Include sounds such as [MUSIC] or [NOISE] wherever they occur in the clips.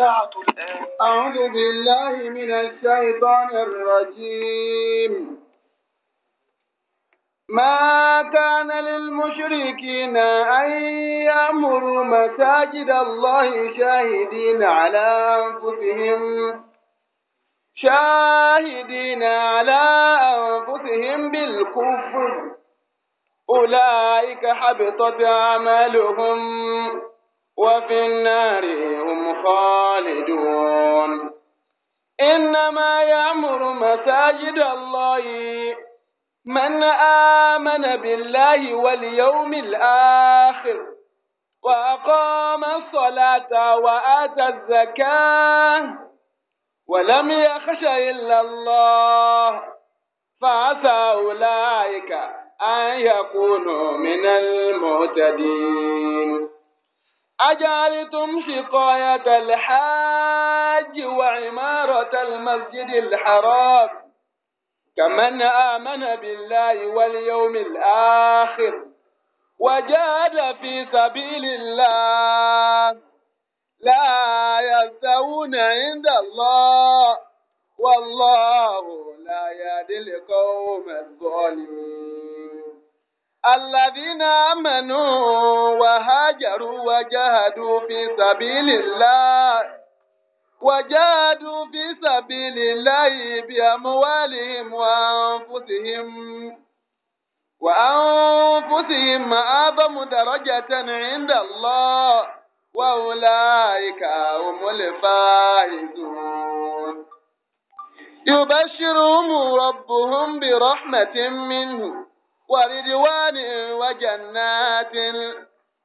أعوذ بالله من الشيطان الرجيم ما كان للمشركين أن يأمروا مساجد الله شاهدين على أنفسهم شاهدين على أنفسهم بالكفر أولئك حبطت أعمالهم وفي النار هم خالدون إنما يأمر مساجد الله من آمن بالله واليوم الآخر وأقام الصلاة وآتى الزكاة ولم يخش إلا الله فعسى أولئك أن يكونوا من المهتدين أجعلتم سقاية الحاج وعمارة المسجد الحرام كمن آمن بالله واليوم الآخر وجاد في سبيل الله لا يستوون عند الله والله لا يهدي القوم الظالمين الذين آمنوا وهاجروا وجاهدوا في سبيل الله وجاهدوا في سبيل الله بأموالهم وأنفسهم وأنفسهم أعظم درجة عند الله وأولئك هم الفائزون يبشرهم ربهم برحمة منه ورضوان وجنات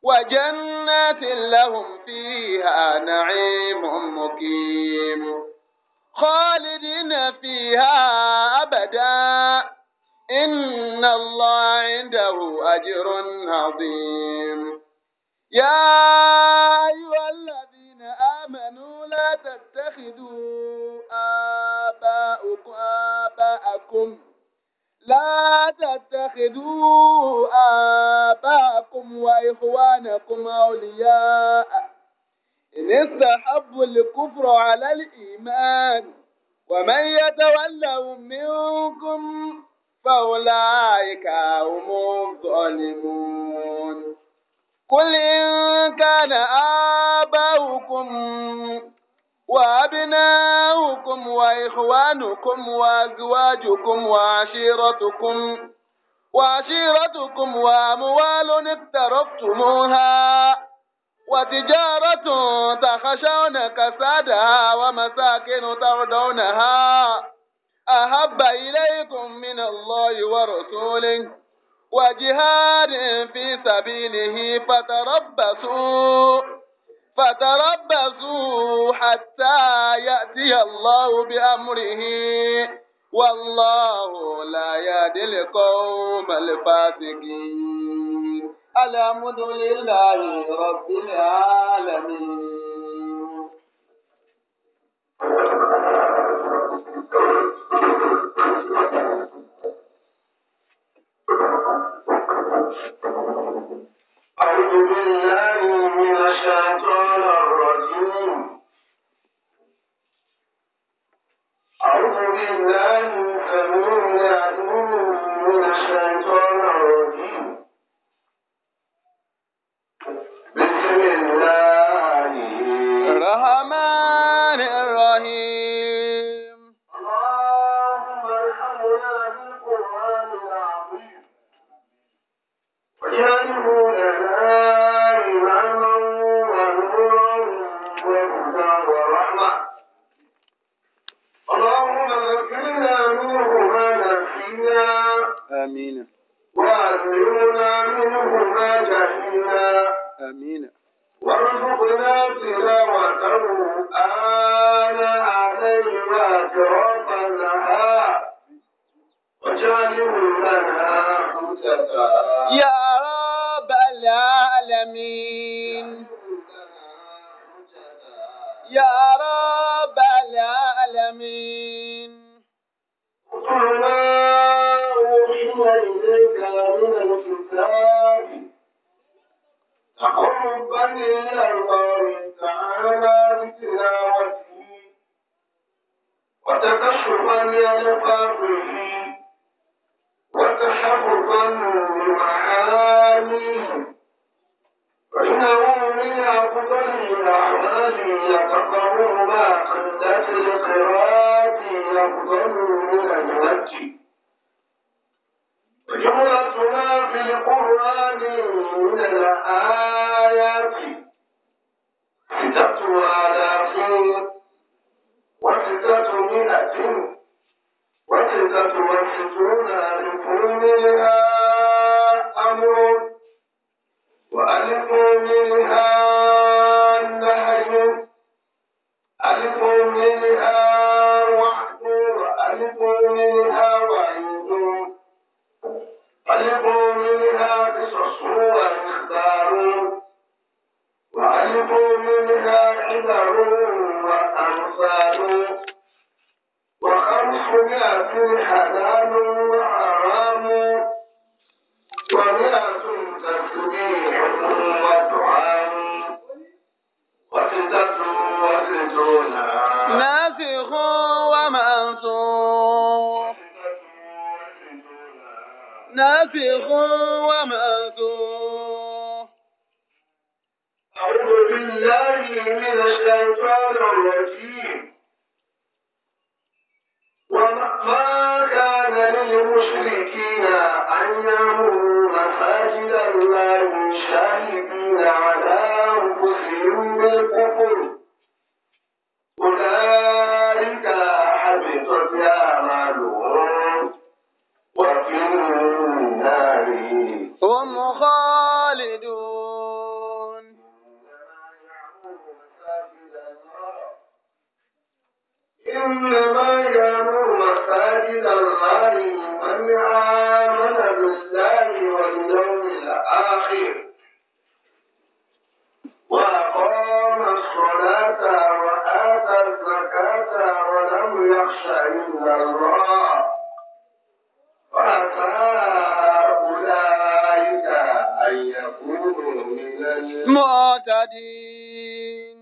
وجنات لهم فيها نعيم مقيم خالدين فيها أبدا إن الله عنده أجر عظيم يا أيها الذين آمنوا لا تتخذوا آباءكم, آباءكم لا تتخذوا آباءكم وإخوانكم أولياء إن استحبوا الكفر على الإيمان ومن يتولهم منكم فأولئك هم الظالمون قل إن كان آباؤكم وأبناؤكم وإخوانكم وأزواجكم وعشيرتكم وعشيرتكم وأموال اقترفتموها وتجارة تخشون كسادها ومساكن ترضونها أحب إليكم من الله ورسوله وجهاد في سبيله فتربصوا فتربصوا حتى يأتي الله بأمره والله لا يهدي القوم الفاسقين الحمد لله رب العالمين أعوذ بالله I'm Santo Dolor. Father الدين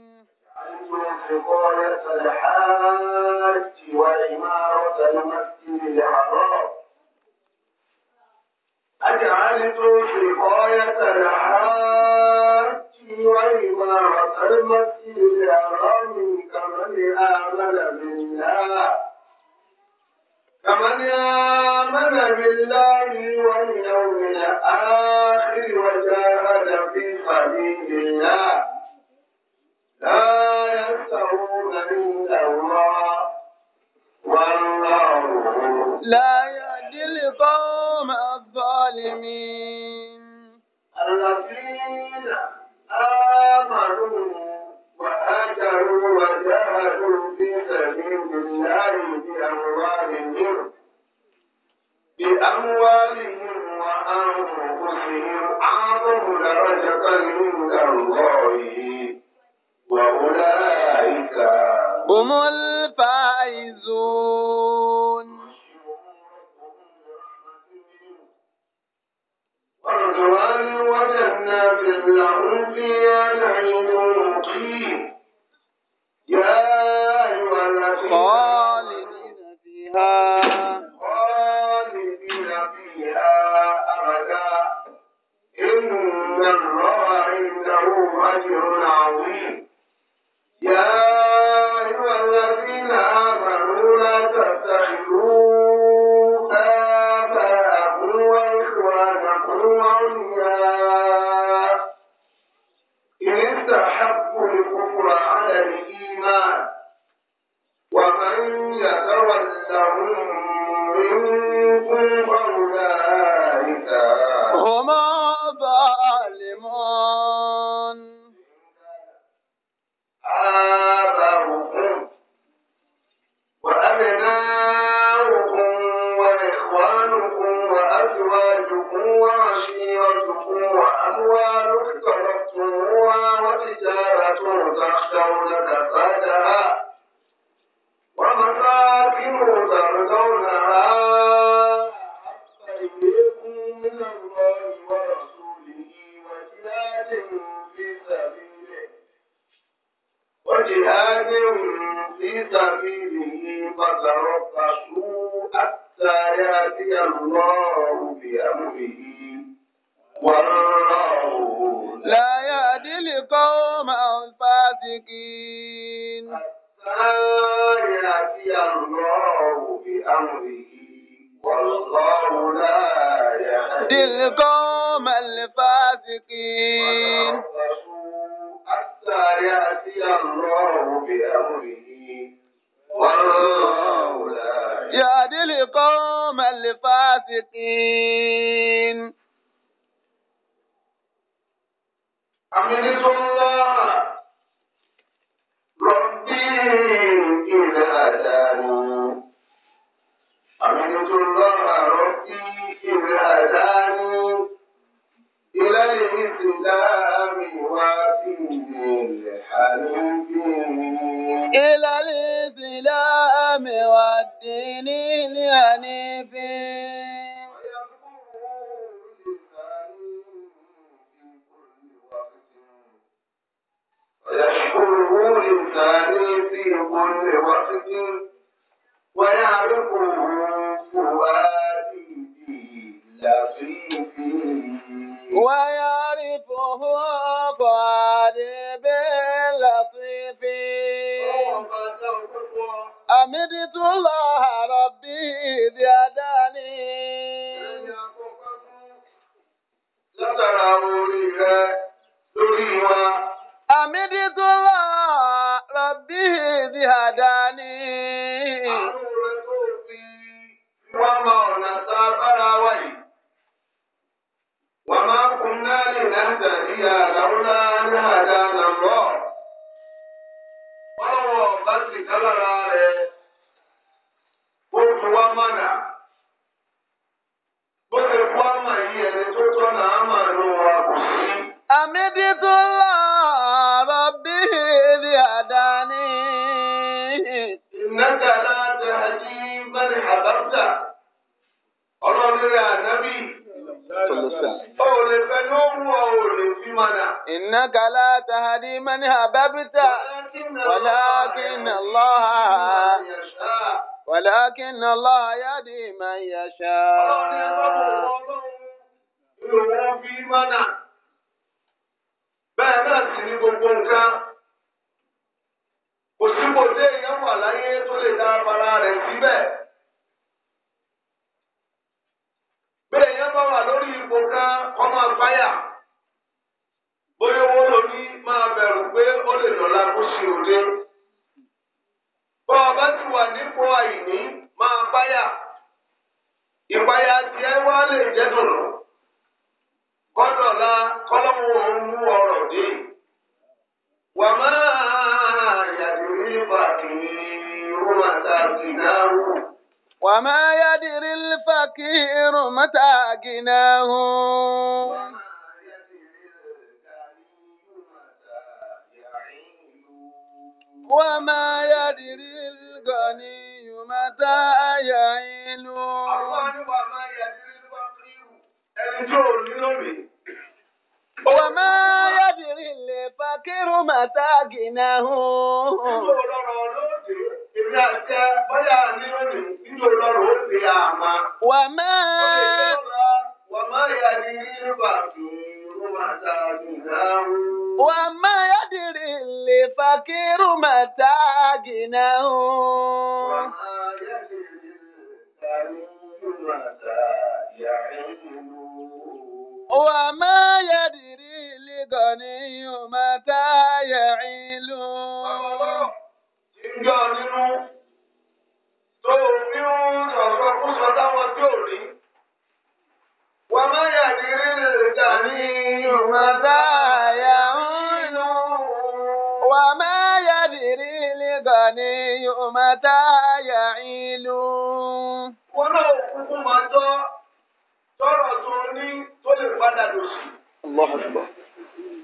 padà lòsì.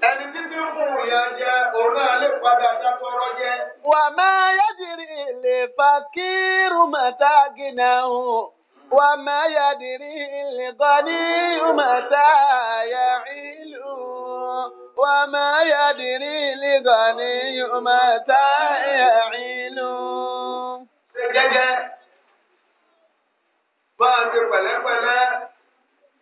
ẹni títí fún ìyá jẹ òun náà lè padà dákọrọ jẹ. wà á máa yájìrì lè fa kírun màtá gínà o. وما يدري الغني متى يعيلُ وما يدري لغني متى يعيل gẹ́gẹ́ bá a ti pẹ̀lẹ́pẹ̀lẹ́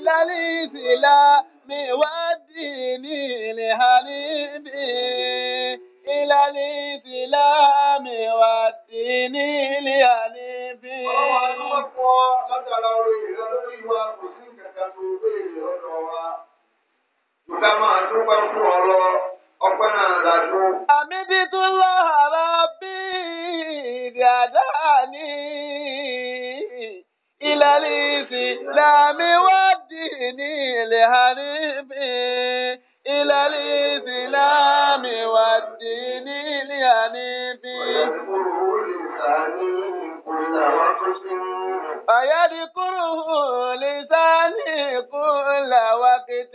إلا الإسلام والدين الحنيفي إلى الإسلام والدين الحنيفي حمدت الله ربي هداني إلى الإسلام والدين ديني لحنيفي إلى الإسلام والدين الحنيفي ويذكره لساني كل وقت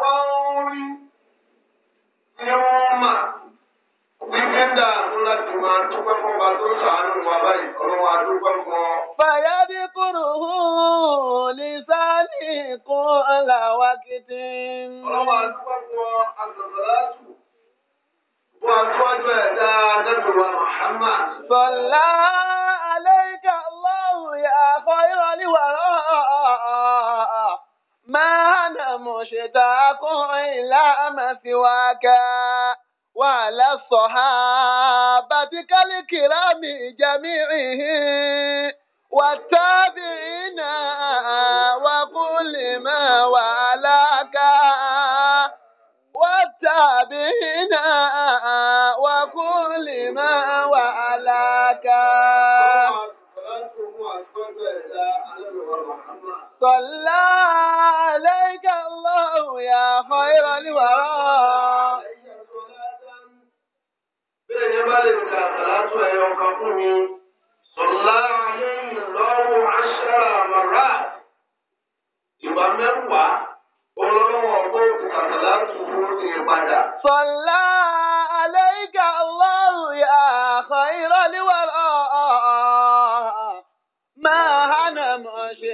wá orí irun mà wípé dààmú láti máa dúpẹ́ fún wa tó sàánú wa báyìí ọlọ́wọ́ adúpẹ́ fún ọ. Fàyà bí kúrò hùn lè sáàlì kún ọ̀là wa kété. Ọlọ́wọ́ adúpẹ́ fún ọ àgbàlátù. Wọ́n tọ́jú ẹ̀ dáadáa wa Muhammad. Sọlá alayka Allahu ya khayra li wara. Máa. مشتاق إلى ما سواك وعلى الصحابة كالكرام جميعهم والتابعين وكل ما والاك والتابعين وكل ما والاك. صلى عليك الله يا خير الورى bẹ́ẹ̀ni bá lè ka àtàlátù ẹ̀yọ̀ kan fún mi sọ̀lá àmì lọ́wọ́ aṣáára màrá.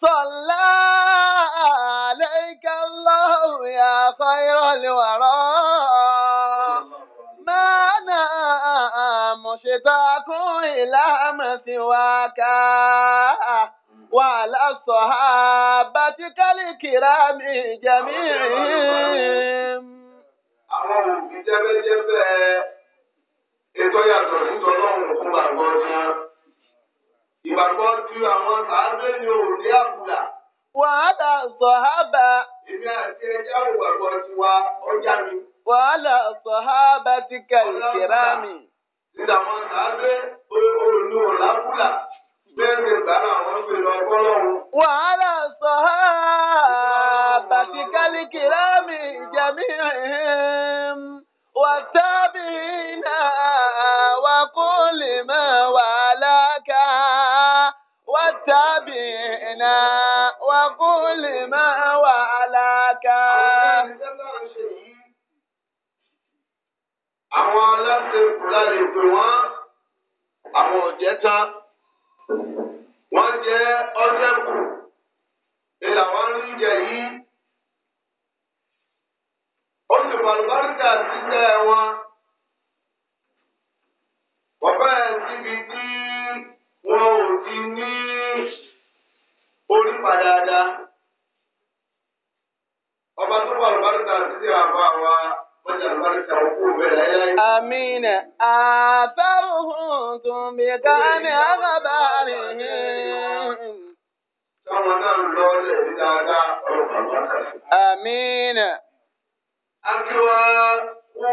صلى عليك الله يا خير الورى ما أنا مشتاق إلى ما سواك وعلى صحابتك الكرام جميعهم àwọn òbí jẹ́bẹ́jẹ́bẹ́ ètò yàtọ̀ nítorí òun fún àgbọ̀n náà. Ìgbàgbọ́ ju àwọn sàádé ni ò ní Wàhálà sọ̀hábà. Èmi àti ẹja ìgbàgbọ́ tiwa ọjà mi. Wàhálà sọ̀hábà ti kẹ̀lì kìrámì. Nígbà wọn sàádé olú ọ̀làbùdá. Bẹ́ẹ̀ni ìgbàlá àwọn ń pèrò ọgbọ́lọ́run. Wàhálà sọ̀hábà ti kẹ̀lì kìrámì jẹ̀mí ẹ̀hẹ́m. Wàtábìínà wàkú. تبعنا وقل ما وعلاك. àwọn aláṣẹ ìfúra lè pè wọn àwọn ọ̀jẹ̀ tán wọ́n jẹ́ ọjọ́ làwọn ń yìí ó sì pàlùbáríkà síṣẹ́ wọn wọ́n bẹ́ẹ̀ síbi tí wọn ò ti ní orí padàdà ọba tó wà lùbáríkà títí àbá wa wọ́n yà lùbáríkà òkú bẹ̀rẹ̀ ayé. àmínà àtàrùhùn tún bí ká ní àgàbàrì yìí. táwọn náà ń lọ ọlẹ̀ ní dáadáa ọ̀rọ̀ bàbá kan. àmínà. akíwá kú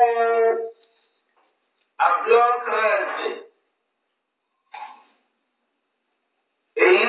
àbíọ́kàn ẹ̀sìn.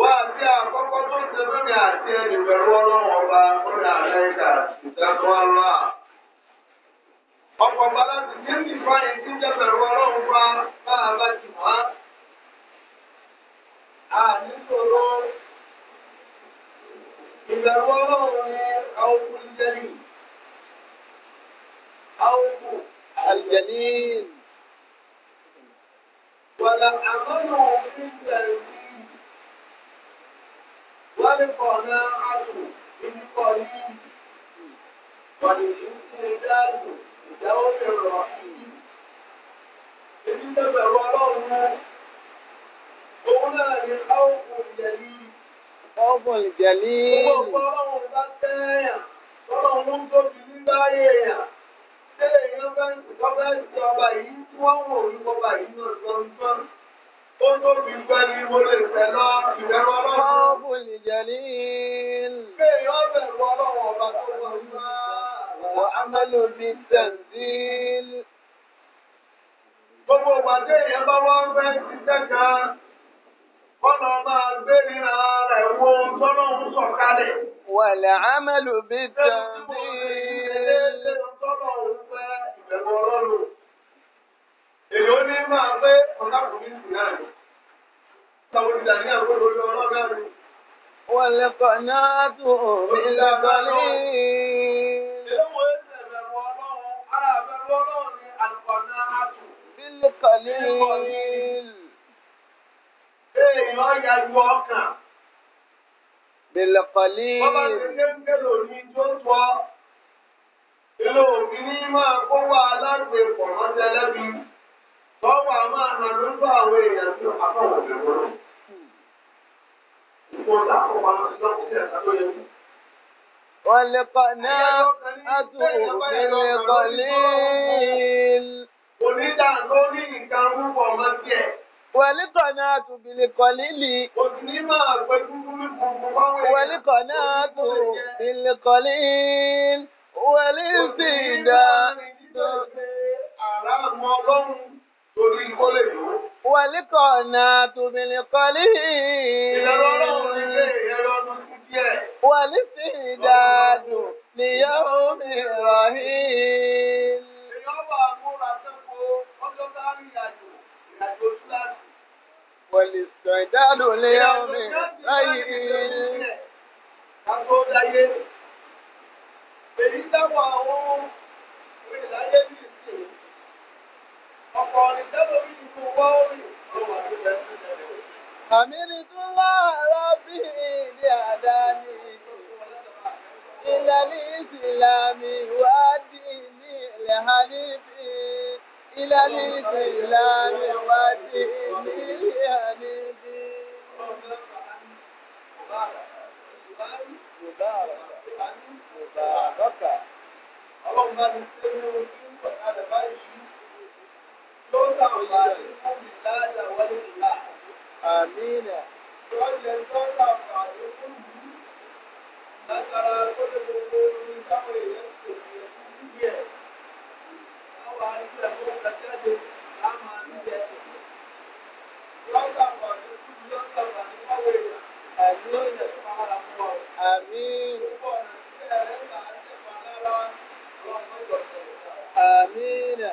wá sí àkọ́kọ́ tó ṣe lónìí àti ẹni pẹ̀lú ọlọ́run ọba lórí amẹ́ríkà ìjọba ọlọ́ à. ọ̀pọ̀ ọba láti dé ní ìfáyín tí ń jẹ́ pẹ̀lú ọlọ́run bá bá a bá ti wá. a níṣòro ìbẹ̀rù ọlọ́run ni àwọn kú jẹ́lì. ألقنا عدو من قريب ولشد ذات دور الرحيم èyí ń bẹ̀rù ọlọ́run náà òun náà ní káwọ́pù ìjẹ̀lì. ọ̀pọ̀ ìjẹ̀lì. gbogbo ọlọ́run bá tẹ́yàn ọlọ́run ló ń tóbi nígbà yẹ̀yàn tẹ́lẹ̀ yẹn bá ń tọ́jú ọba yìí tí wọ́n wò orí ọba yìí náà lọ́nà. Ó tó fi fẹ́ ni mo lè fẹ́ lọ ìbẹ̀rù ọlọ́run. Ọ̀bù ìjẹ̀lì. Bẹ́ẹ̀ni ó bẹ̀rù ọlọ́run ọba bí Wàlẹ̀ á mẹ́lò bí èmi ó ní máa pé ọ̀gáàkùnrin sì náà ni. Sọ̀rọ̀ ìjà ní àwọn olórí ọlọ́gá mi. Wọ́n lè kọ̀ náà tó mi lábàlí. Ìléwọ̀ ẹsẹ̀ bẹ̀rù ọlọ́run, ara bẹ̀rù ọlọ́run ni àlùkọ̀ náà tù. Bílẹ̀ kọ̀lí. Èèyàn ya ju ọkàn. Bílẹ̀ kọ̀lí. Bọ́lá ti dé ń gbèrò ní tó tọ́. Èlò òbí ní máa kó wá alágbèpọ̀ mọ́tẹ́lẹ́bí. Tọ́wọ́ a máa hàn ló ń bá àwọn èèyàn tí àbáwọ̀ òbẹ̀wọ̀ rẹ̀. Ìfọ̀n lákọ̀ọ́bá lọ́kùn sí ẹ̀ka tó yẹ kú. Wọ́n lè kọ́ náà àtúntò òfin kọ́ líl. Onídà ló ní nǹkan púpọ̀ máa tiẹ̀. Wẹ̀lí kan náà tún bìlì kan lílì. Òtún ní máa pẹ́ kúkúrú kúkú báwọn èèyàn. Wẹ̀lí kan náà tún bìlì kan líl. Wẹ̀lí sì dá. Àrà mọ́ lọ́hùn torí kó lè lò. Wọlé kọ̀ọ̀nà tòmìnir kọ́lí. Ìyẹn ọlọ́run ní ilé ìyẹn ọdún sí díẹ̀. Wọlé sí ìdádùn níyàwó mi rọ̀ hí. Ìyẹn wà sẹ́kọ̀ọ́ ọjọ́ bá rí ìrìnàjò ìrìnàjò síláàsì. Wọlé sọ ìdádùn níyàwó mi rọ̀ hí. Àgbo láyé. Èyí dáwọ̀ àwọn ìlàyé bíi ìsìn ọ̀pọ̀ ọ̀rìn tẹ́lẹ̀ orí ti fún Ọlọ́run bá ti ṣe ní ojú ọ̀dà àdàbáyé tó ń tàwọn ìyá rẹ̀ láti dáadáa wọlé ìlà. Àmínà. Tó ń lẹ tó ń tàwọn àlékún yìí látara tó lè gbogbo orí táwọn èèyàn ti tètè ẹ̀kú díẹ̀. Àwọn àríkú ẹ̀kọ́ ọ̀gá jáde á máa ń jẹ. Tó ń tàwọn àlékún yìí ó ń tàwọn àlékún èèyàn. Àmínà. Àmín. Àmínà.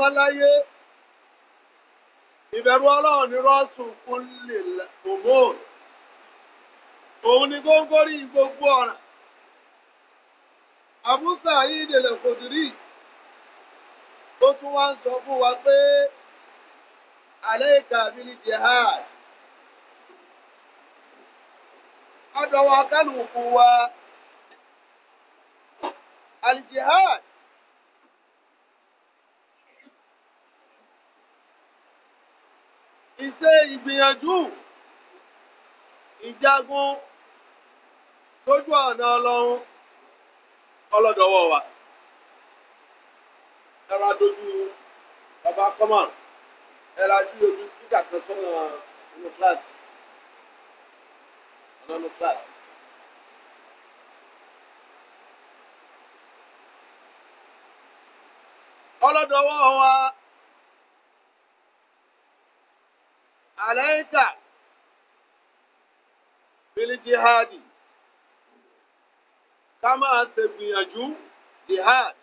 wá láyé ìbẹ̀rù fún lè òmóòn òun ni góńgórí gbogbo ọ̀ràn àbúsà yìí dèlè kòdìrí tó tún wá ń sọ fún wa pé àlẹ́ ìkàbílì jihad ọ̀dọ̀ wa wa iṣẹ́ ìgbìyànjú ìjagun lójú ọ̀nà ọlọ́run ọlọ́dọ̀wọ́ wa. Ẹra dojú bàbá kọ́mọ̀ ẹra tí ojú títà kan sọ́nà inú kíláàsì. Ọ̀nà inú kíláàsì. Ọlọ́dọ̀wọ́ wa. عليك بالجهاد كما تبيج جهاد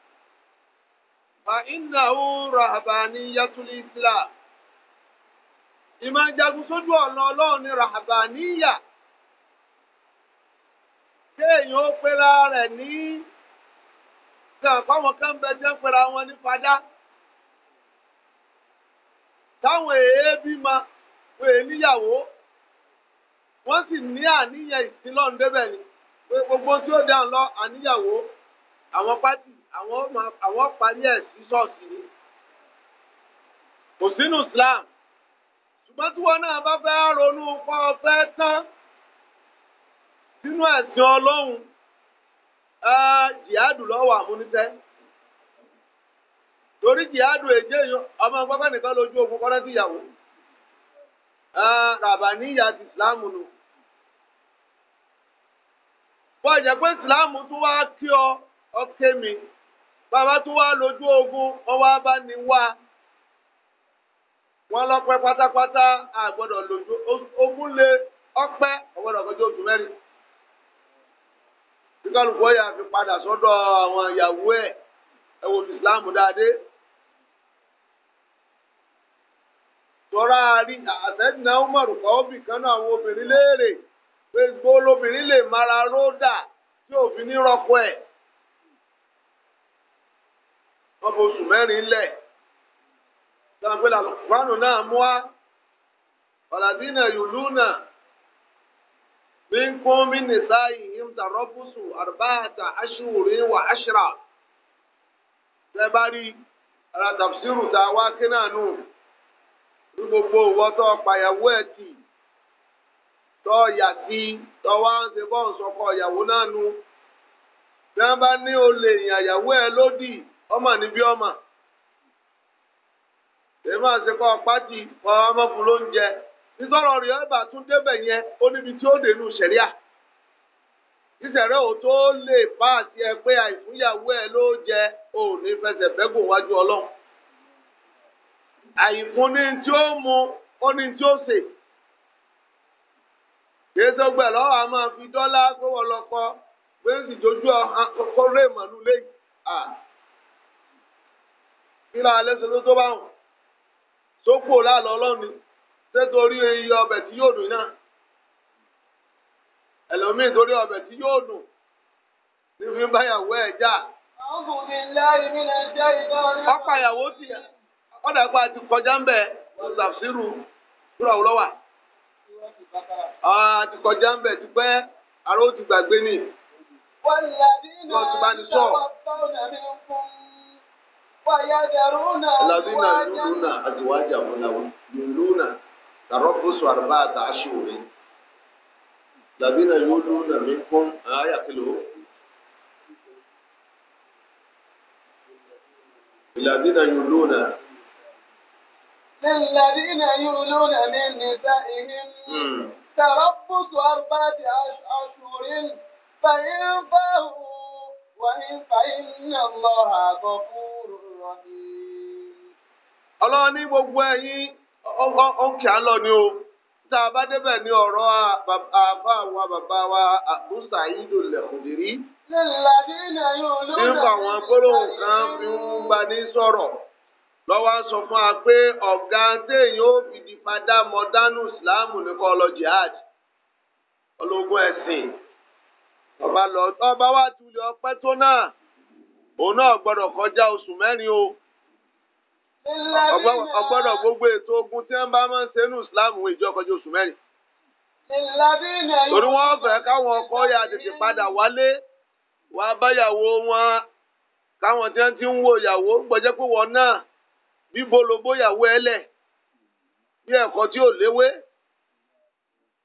فإنه رهبانية الإسلام ìmọ̀ jagun sójú ọ̀nà ọlọ́run ni ràhàbàníyà kéèyàn ó ní kan kan bẹ jẹ́ wọn n'ifada, padà táwọn èébí máa. pé níyàwó wọ́n sì ní àníyàn ìsìnlọ́run débẹ̀ ni pé gbogbo tí ó dáhùn lọ àníyàwó àwọn pátì àwọn parí ẹ̀ sí ṣọ́ọ̀ṣì ni kò sínú Islam ṣùgbọ́n tí wọn náà bá fẹ́ ronú pọ́ fẹ́ tán sínú ẹ̀sìn Ọlọ́run jihadu lọ́wọ́ àmúnisẹ́ torí jihadu èjé ọmọ gbọ́gbẹ́ nìkan lójú ogun kọ́rẹ́ síyàwó. Ah, ràbàníyà ti ìsìláàmù nù. wọ́n jẹ́ pé ìsìláàmù tún wá kí ọ ọkẹ́ mi bàbá tún wá lójú ogun wọ́n wá bá ní wá wọ́n lọ́pẹ́ pátápátá àgbọ́dọ̀ lójú ogun lé ọpẹ́ ọgbọ́dọ̀ kọjú oṣù mẹ́rin kíkọ́ lùkọ́ yà fi padà sọ́dọ̀ àwọn ìyàwó ẹ̀ ẹ̀wọ̀n ìsìláàmù dáadé. tọ́ra rí àtẹ́nà umaru na kan náà àwọn obìnrin léèrè pé gbó lóbìnrin lè mara róòdà tí òfin ní rọ́pò ẹ̀. wọ́n fi oṣù mẹ́rin lẹ̀ sanapẹ́ la kúránù náà mú wa ọ̀làdínà yòlú náà mi ń kún mi àrùbáàtà wà áṣírà. bá rí ara tá a ní gbogbo ìwọ tó pàyàwó ẹ tì tọ́ ọ̀yà tí tọ́wá ń ṣe bọ́ọ̀ sọkọ̀ ìyàwó náà nu bí wọ́n bá ní olè ìyàwó ẹ̀ lódì ọmọ níbí ọmọ èyí máa ṣe kọ́ pátì kọ́ nítorọ̀ rí tún débẹ̀ níbi tí ó dénú ṣẹ̀ríà ìṣẹ̀rẹ́ ò tó lè bá àti ẹ pé ẹ ló jẹ òní fẹsẹ̀ fẹ́ gùn wájú ọlọ́run. àyìnfún ní tí ó mu ó ní tí ó sè yéésù gbẹ lọ́wọ́ a máa fi dọ́là gbówó lọkọ pé ń sì dojú ọkọ rẹ màlúù lẹ́yìn à tó bá wọn sókò lálọ́ ọlọ́ni sétorí iye ọbẹ̀ tí yóò dùn náà ẹlòmíì torí ọbẹ̀ tí yóò dùn ní fi báyàwó ẹ̀ já. ọkọ̀ ìyàwó sì yà. kọ́dà pa ti kọjá ń bẹ̀ ṣàfṣírù túrọ̀ wọ́n lọ́wà. àti kọjá ń bẹ̀ ti pẹ́ àrò ti gbàgbé ni. wọ́n yà bí náà ṣọwọ́ fáwọn ẹ̀mí fún Alazina yuluna azuwaja muna yuluna tarabbusu arba'ata ashhurin الذين يولون منكم آية كله الذين يولون الذين يولون من نسائهم تربص أربعة أشهر فإن فاهوا وإن فإن الله غفور رحيم ọlọ́run ní gbogbo ẹ̀yin ọ̀nkẹ́ àlọ́ ni o tá a bá débẹ̀ ní ọ̀rọ̀ àbá àwọn bàbá wa àbúsà yìí ló lẹ̀kùn lérí. nípa àwọn gbólóhùn kan fi ń ní sọ̀rọ̀. lọ́wọ́ sọ fún wa pé ọ̀gá téèyàn ó fi di padà mọ̀dánù ìsìláàmù ní kọ́ lọ jihad ológun ẹ̀sìn ọba lọ ọba wa tulẹ̀ ọpẹ́ tó náà òun náà gbọ́dọ̀ kọjá oṣù mẹ́rin o ọgbọ́dọ̀ gbogbo ètò ogun tí wọ́n bá máa ń ṣe nínú ìsìláàmù ìjọ kọjá oṣù mẹ́rin torí wọ́n fẹ́ káwọn ọkọ ya tètè padà wálé wàá báyàwó wọn káwọn tí wọ́n ti ń wo ìyàwó gbọ́jẹ́ pé wọn náà bíbo ló bóyàwó ẹ lẹ̀ bí ẹ̀kọ́ tí ò léwé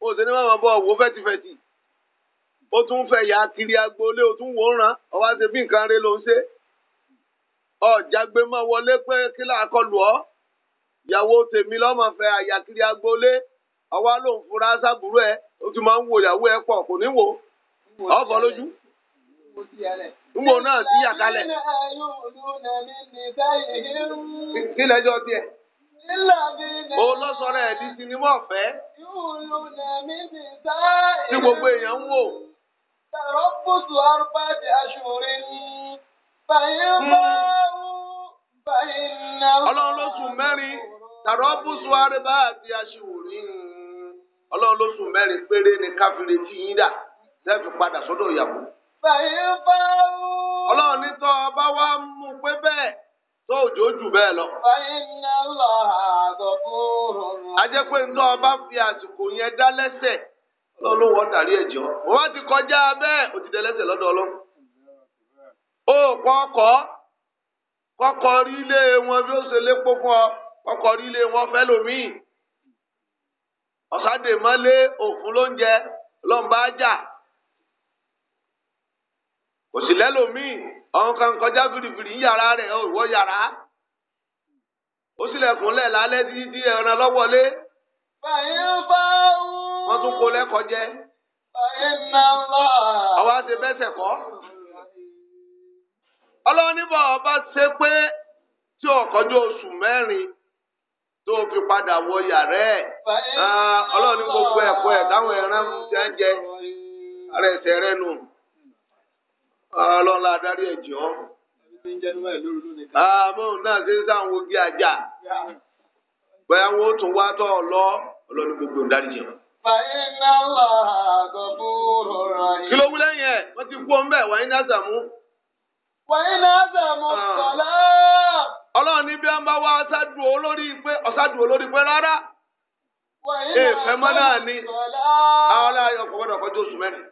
o sì ní màmá bọ̀ wò fẹ́tìfẹ́tì ó tún fẹ́ yà kiri agboolé ó tún wò ó ràn ọwọ́ àti bí nǹkan rẹ ló ń ṣe ọ̀jàgbé máa wọlé pé kí làákọlù ọ́ ìyàwó tèmi lọ́mọ fẹ́ àyà kiri agboolé ọwọ́ ló ń fura sábúrú ẹ̀ ó tún máa ń wo ìyàwó ẹ̀ pọ̀ kò ní wò ọ́ lójú. Ngbò náà sí yàkálẹ̀. Kí lẹ́jọ́ tiẹ̀? O lọ sọ̀rọ̀ ẹ̀ di sinimá ọ̀fẹ́. Tí gbogbo èèyàn ń wò. Tàrọ́pùtù arúgbàdì aṣòre ni. Bàyẹ̀ báwù bàyẹ̀ náà. Ọlọ́run ló sùn mẹ́rin. Tàrọ́pùtù arúgbàdì aṣòre ni. Ọlọ́run ló sùn mẹ́rin péré ni káfíńtì yín dà. Lẹ́ẹ̀fì padà sọ́dọ̀ ìyàwó. ọlọ́run ní tọ́ ọba wá mú pé bẹ́ẹ̀ tó òjò jù bẹ́ẹ̀ lọ. a jẹ́ pé ntọ́ ọba fi àsìkò yẹn dá lẹ́sẹ̀ ọlọ́run wọ́n dàrí ẹ̀jọ́ wọ́n wá ti kọjá bẹ́ẹ̀ O ti dẹ lẹ́sẹ̀ lọ́dọ̀ ọlọ́run. ó kọ́kọ́ kọ́kọ́ rí ilé wọn bí ó ṣe lépo fún kọ́kọ́ rí ilé wọn fẹ́ lómìn ọ̀sádèmọ́lé òfun ló ń jẹ lọ́nba ájà. kò sí lẹ́lòmíì ọ̀hún kan kọjá fìrìfìrì ń yàrá rẹ̀ ó yàrá ó ẹran lọ́wọ́lé. bá wọ́n tún kó ti kọ́. ọba ṣe pé tí ọ̀kọ́jọ́ oṣù mẹ́rin tó fi wọ yàrá ẹ̀ ah, gbogbo ẹ̀kọ́ ẹ̀ ẹran ọlọ́run adarí ẹ̀jọ́ àmóhùn náà ṣe ń sáwọn ogi àjà bóyá wọn tún wá tọ́ ọ lọ ọlọ́run gbogbo rọra yìí. Kí ló ọ wàyínà sàmú. Wàyínà sàmú ah. Ọlọ́run ní bí wọ́n bá wá ọ̀sádùn olórí pé ọ̀sádùn olórí pé rárá. Wàyínà sàmú Èèfẹ́ mọ́ náà ni. Àwọn ọlọ́run ayọ̀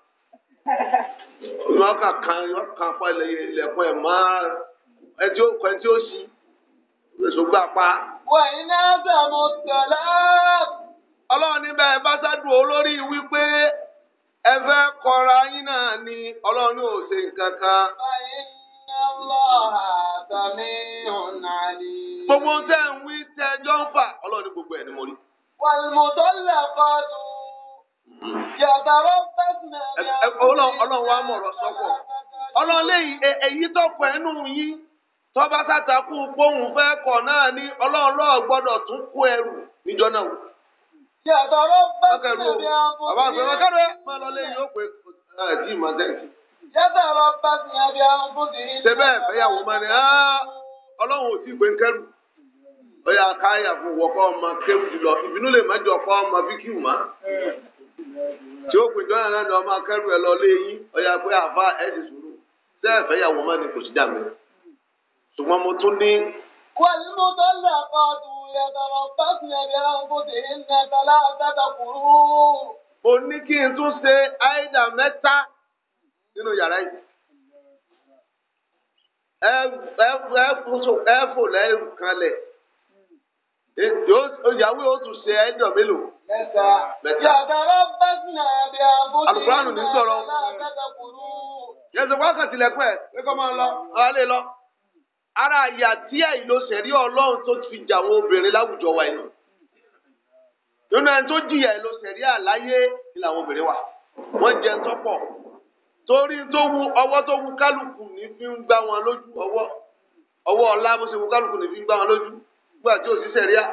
[LAUGHS] yọ ká kan yọ ká pa ilẹ̀kùn ẹ̀ mọ́ ẹtí ó kọ ẹtí ó sì èso gbà pa. wẹ̀yìn náà sàmù tẹ̀lé. ọlọ́run níbẹ̀ bá olórí wípé ẹ fẹ́ kọra yín náà ni ọlọ́run ò ṣe nǹkan kan. gbogbo tẹ́ ń wí tẹ́jọ́ ń ọlọ́run gbogbo ẹ̀ ni mo rí. wàlùmọ̀tò lè kọ́ dùn. ọlọ́run wa mọ̀rọ̀ sọ́kọ̀ ọlọ́run èyí tọ́pọ̀ ẹnu yín tọ́ba sátàkù gbóhùn fẹ́ kọ̀ náà ní ọlọ́run gbọ́dọ̀ tún kó ẹrù níjọ náà wò. yàtọ̀rọ̀ kẹ́rẹ́ máa lọ lẹ́yìn ó tí yàtọ̀rọ̀ máa ní ọlọ́run ò tí ì gbé kẹ́rù káyà fún wọ́kọ́ ọmọ kéwù jùlọ ọkọ tí ó pè jọ́nà náà ni ọmọ akẹ́rù ẹ lọ léyìn ọ̀yà pé àfa ẹ̀ sì sùúrù bẹ́ẹ̀ yàwó mọ́ni kò sí dàmí ṣùgbọ́n mo tún ní. wal-mutallaqātu yatarabbasna bi anfusihinna thalatha qurū'. mo ní kí n tún ṣe àìdá mẹ́ta nínú yàrá yìí ẹ fò lẹ́rù kanlẹ̀ ìyàwó yóò tún ṣe àìdá mélòó alukuraanu ní sọ̀rọ̀ yẹsẹ wákàtí lẹkọọ ẹ lẹkọọ máa lọ ọ alẹ lọ ara àyà tí àìlò sẹ̀rí ọlọ́run tó fi jà àwọn obìnrin láwùjọ wa inú nínú ẹni tó jìyà àìlò sẹ̀rí àláyé ni làwọn obìnrin wà wọ́n jẹ tọ́pọ̀ torí tó wu ọwọ́ tó wu kálukú ní fi ń gbá wọn lójú ọwọ́ ọwọ́ ọlá bó ṣe wu kálukú ní fi ń gbá wọn lójú gbà tí ò sí sẹ̀ríà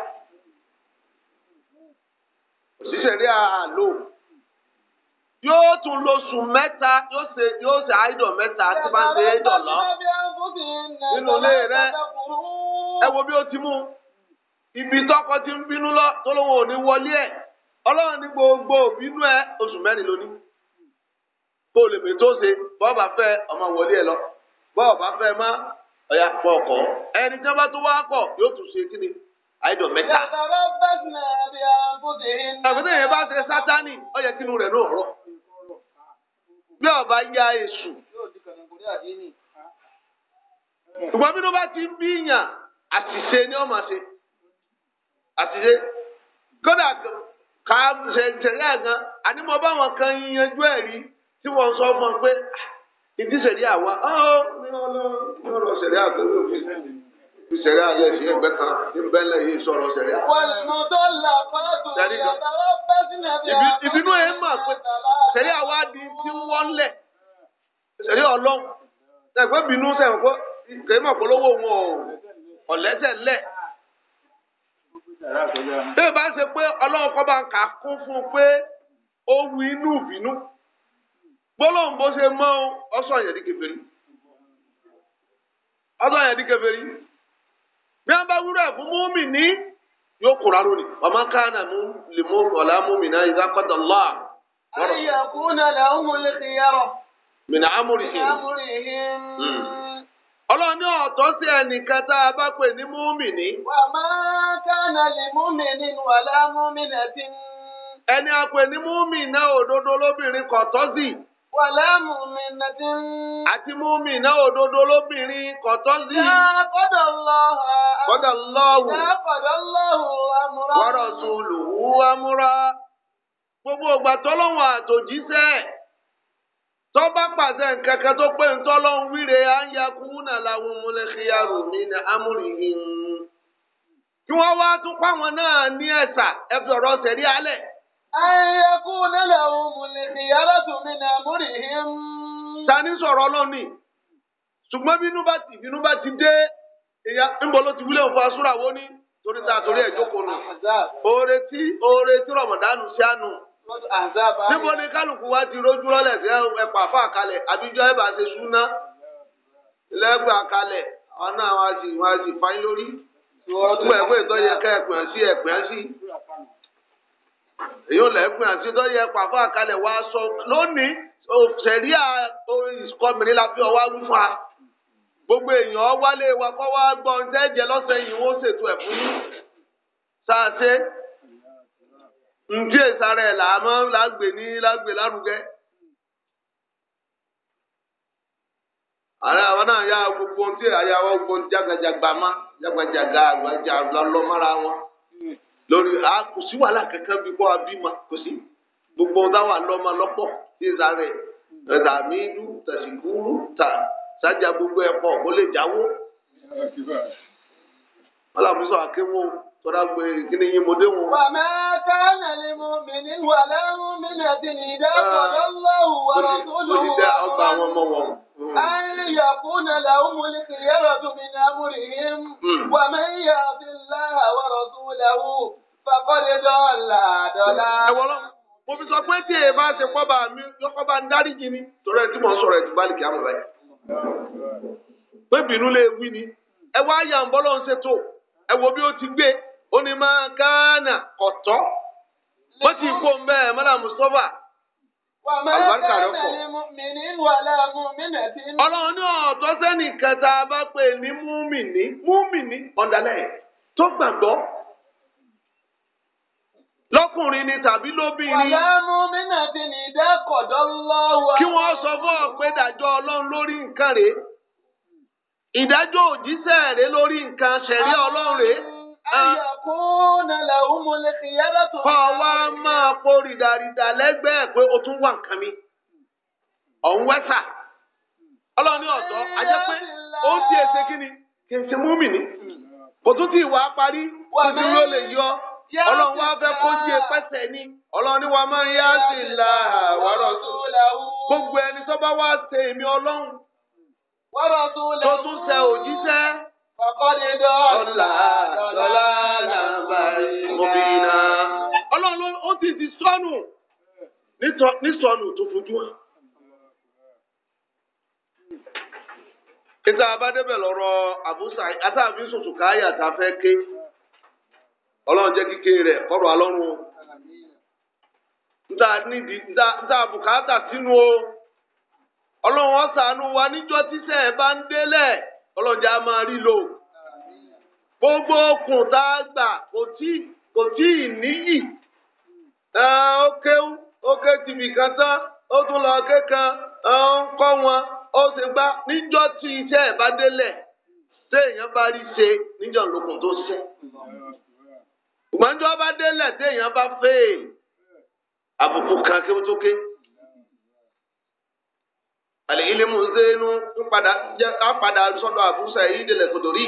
rí àlò yóò tún lóṣù mẹ́ta yóò ṣe yóò ṣe àìdọ̀ mẹ́ta tí bá ń ṣe àìdọ̀ lọ nínú ilé rẹ ẹ ó ti mú ibi tọkọ ti lọ tó lóun ò ní wọlé ọlọ́run ní gbogbo òbínú ẹ oṣù mẹ́rin lónìí kó o lè pè tó ọmọ wọlé ẹ lọ fẹ́ ọ̀yà pọ̀ ẹni tí wọ́n àìdọ̀ mẹ́ta. àgbẹ̀tẹ̀ yẹn bá ṣe sátani ó yẹ kínú rẹ̀ lóòrọ̀ bí ọba ya èṣù. ṣùgbọ́n bí ló bá ti ń bí yàn àṣìṣe ni ó máa ṣe àṣìṣe kódà ká ṣẹ̀ṣẹ̀rí àgán àní mo bá wọn kan yanjú ẹ̀ rí tí wọ́n sọ fún ọ pé ah, ìdí ṣẹ̀rí àwa ọ́ mi ò lọ ṣẹ̀rí àgbẹ̀wò mi sẹ̀rí alẹ́ sí ẹgbẹ́ kan níbẹ̀lẹ̀ yìí sọ̀rọ̀ sẹ̀rí. wàlùmọ̀tòlá fọ́tò ìyàtọ̀ bẹ́sìnà bí i. ìbínú ẹ̀ mà pé sẹ̀rí àwa di tí ń wọ́lẹ̀ sẹ̀rí ọlọ́run ẹ̀gbẹ́ bínú sẹ̀rọ̀ pé kèé mọ̀ polówó wọn ò ọ̀lẹ́sẹ̀ lẹ̀. bí o bá ṣe pé ọlọ́run kọ́ bá ń kà kún fún un pé ó wu inú ìbínú gbólóhùn bó ṣe mọ́ ọ sọ yẹn di kèfèrí ọ sọ yẹn di kèfèrí bí wọn bá wúrà fún múmi ní yóò kóra lónìí ọmọ kánà mú lèmú ọ̀là múmi náà ìdá kọ́tà lọ́ à. ayé kúnà làwọn olè ti yàrá. mìnà amúrihìn. amúrihìn. ọlọ́ọ̀ni ọ̀tọ́ sí ẹnìkan tá a bá pè ní múmi ní. wà máa kánà lè múmi nínú ọ̀là múmi náà ti ẹni a pè ní múmi náà òdodo lóbìnrin kọ̀tọ́sì. Wàlẹ́ mú mi nàdí. Àti mú mi iná òdodo lóbìnrin kọ̀tọ́ sí. Yà kọ́dọ̀ lọ. Kọ́dọ̀ lọ́hùn. Yà kọ́dọ̀ lọ́hùn amúra. Wọ́rọ̀ sùn lùhú amúra. Gbogbo ìgbà tọ́lọ́hùn àtòjíṣẹ́. Tọ́ba pàṣẹ nǹkan tó pé ń wíre à ń ya kú nà láwọn ọmọlẹ́kìyàrò mi ní amúrìhìn. Kí wọ́n wá tún pàwọn náà ní ẹ̀sà ẹ ẹ̀fọ̀rọ̀ sẹ̀rí alẹ̀. أن يكون لهم الخيرة من أمرهم. Tani sọ̀rọ̀ na Ṣùgbọ́n bínú bá ti bínú bá ti dé ìyá ńbọ̀ ti wúlẹ̀ fún asúra wo ni torí ta torí ẹ̀ jókòó nù. Oore tí oore tí Rọ̀mọ̀dánù sí àánú. Níbo ni kálukú wa ti roju lọ́lẹ̀ sí ẹ̀pà fà kalẹ̀ àbíjọ́ ẹ̀ ṣe súná lẹ́gbàá kalẹ̀ ọ̀nà àwọn àti ìwọ̀n àti ìfáyín lórí. ìtọ́jú èyí ò lẹ́gbìn àti tó yẹ pàfọ́ àkàlẹ̀ wa sọ lónìí sẹ̀ríà ìkọmìnrin la fi ọwá wí fún wa gbogbo èèyàn wálé wa kọ́ wá gbọ́n jẹ́jẹ́ lọ́sẹ̀ yìí wọ́n ṣètò ẹ̀ fún yín sáàṣe ǹdí èsàrà ẹ̀ làmọ́ lágbè ní lágbè lárugẹ. ààrẹ àwọn náà yá gbogbo ohun tí àyà wọn gbogbo jágajàgbà má jágajàgbà àgbàjà lọ́mọ́ra wọn lórí a ah, kò sí wàhálà kankan bí kò wá bímọ kò sí gbogbo dáwà lọ́mọ lọ́pọ̀ sí ìsàrẹ̀ ẹ̀dàmínú tẹ̀síkúrú tà sájà gbogbo ẹ̀pọ̀ kó lè jáwó. ọlọ́run sọ akéwọ́n tọ́lá pé kí ni yín mo dé wọn. Bàmá kánà lè mú mi ní wàlẹ́ mú mi nà ti ní ìdájọ́ lọ́wọ́ wàrà tó lù wọ́n. Ó ti dá ọgbà àwọn ọmọ wọn. Ayé yàkú na làwọn múlẹ̀ kì yẹ tó mi náà mú rí yín. Wàmẹ́ yà fi lá àwọ̀rọ̀ tó lẹ́wọ̀ fàkọ́lé dọ́là dọ́là. Mo fi sọ pé tí èyí bá ṣe kọ́ba mi lọ́kọ́ba ń dáríjì ni. Torí ẹ tí mo sọ̀rọ̀ ẹ̀ ti bá Ẹ wo bí ó ti gbé. ó ma máa wọ́n ti kó ń bẹ́ẹ̀ mọ́lá mùsọ́fà àgbàríkà rẹ̀ ọlọ́run ní ọ̀tọ́ sẹ́nìkan tá bá pè ní tó tàbí lóbìnrin. mú mi lọ́wọ́. kí wọ́n sọ fún ọ ọlọ́run lórí nǹkan ìdájọ́ lórí nǹkan ọlọ́run yakuna lahumul khiyaratu. kọ́ wa máa po rìdàrìdà lẹ́gbẹ̀ẹ́ pé o tún wà nǹkan mi ọ̀hún wẹ́sà ọlọ́ọ̀ni ọ̀tọ̀ ajẹ́ pé ó ti ẹsẹ̀ kí ni kì í ṣe múmìnì kò tún ti wà á parí kò sí ló lè yọ ọlọ́run wá fẹ́ kó ṣe pẹ́sẹ̀ ni ọlọ́run ni wàá máa ń yá sí ìlà àwárọ̀ gbogbo ẹni tó bá wá ṣe èmi ọlọ́run tó tún ṣe òjíṣẹ́. Ọ̀la Ọlọ́run ó ti sọnù tó fojú hàn. Ìta abádébẹ̀ lọ́rọ̀ àbúsà àtàbí sòsò káyà ta fẹ́ ké. Ọlọ́run jẹ́ kíké rẹ̀ kọ́rọ̀ alọ́run. Nta nídìí nta bùkátà sínú o. Ọlọ́run ó wa níjọ́ tíṣẹ́ ẹ̀ bá ń ọlọ́jà máa rí lò gbogbo okùn tá a gbà kò tí kò tí ì níyì ó kéwú ó ké tìbì kan tán ó tún lọ ké kan ó ń kọ́ wọn ó sì gbá níjọ́ tí iṣẹ́ ẹ̀ bá délẹ̀ téèyàn bá rí ṣe níjọ́ lókun tó ṣe ìgbàjọ́ bá délẹ̀ téèyàn bá fèè àbùkù kan kéwú tó ké àlè ilimu zéénú á padà sọ́dọ̀ Abu Sa'id al-Khudri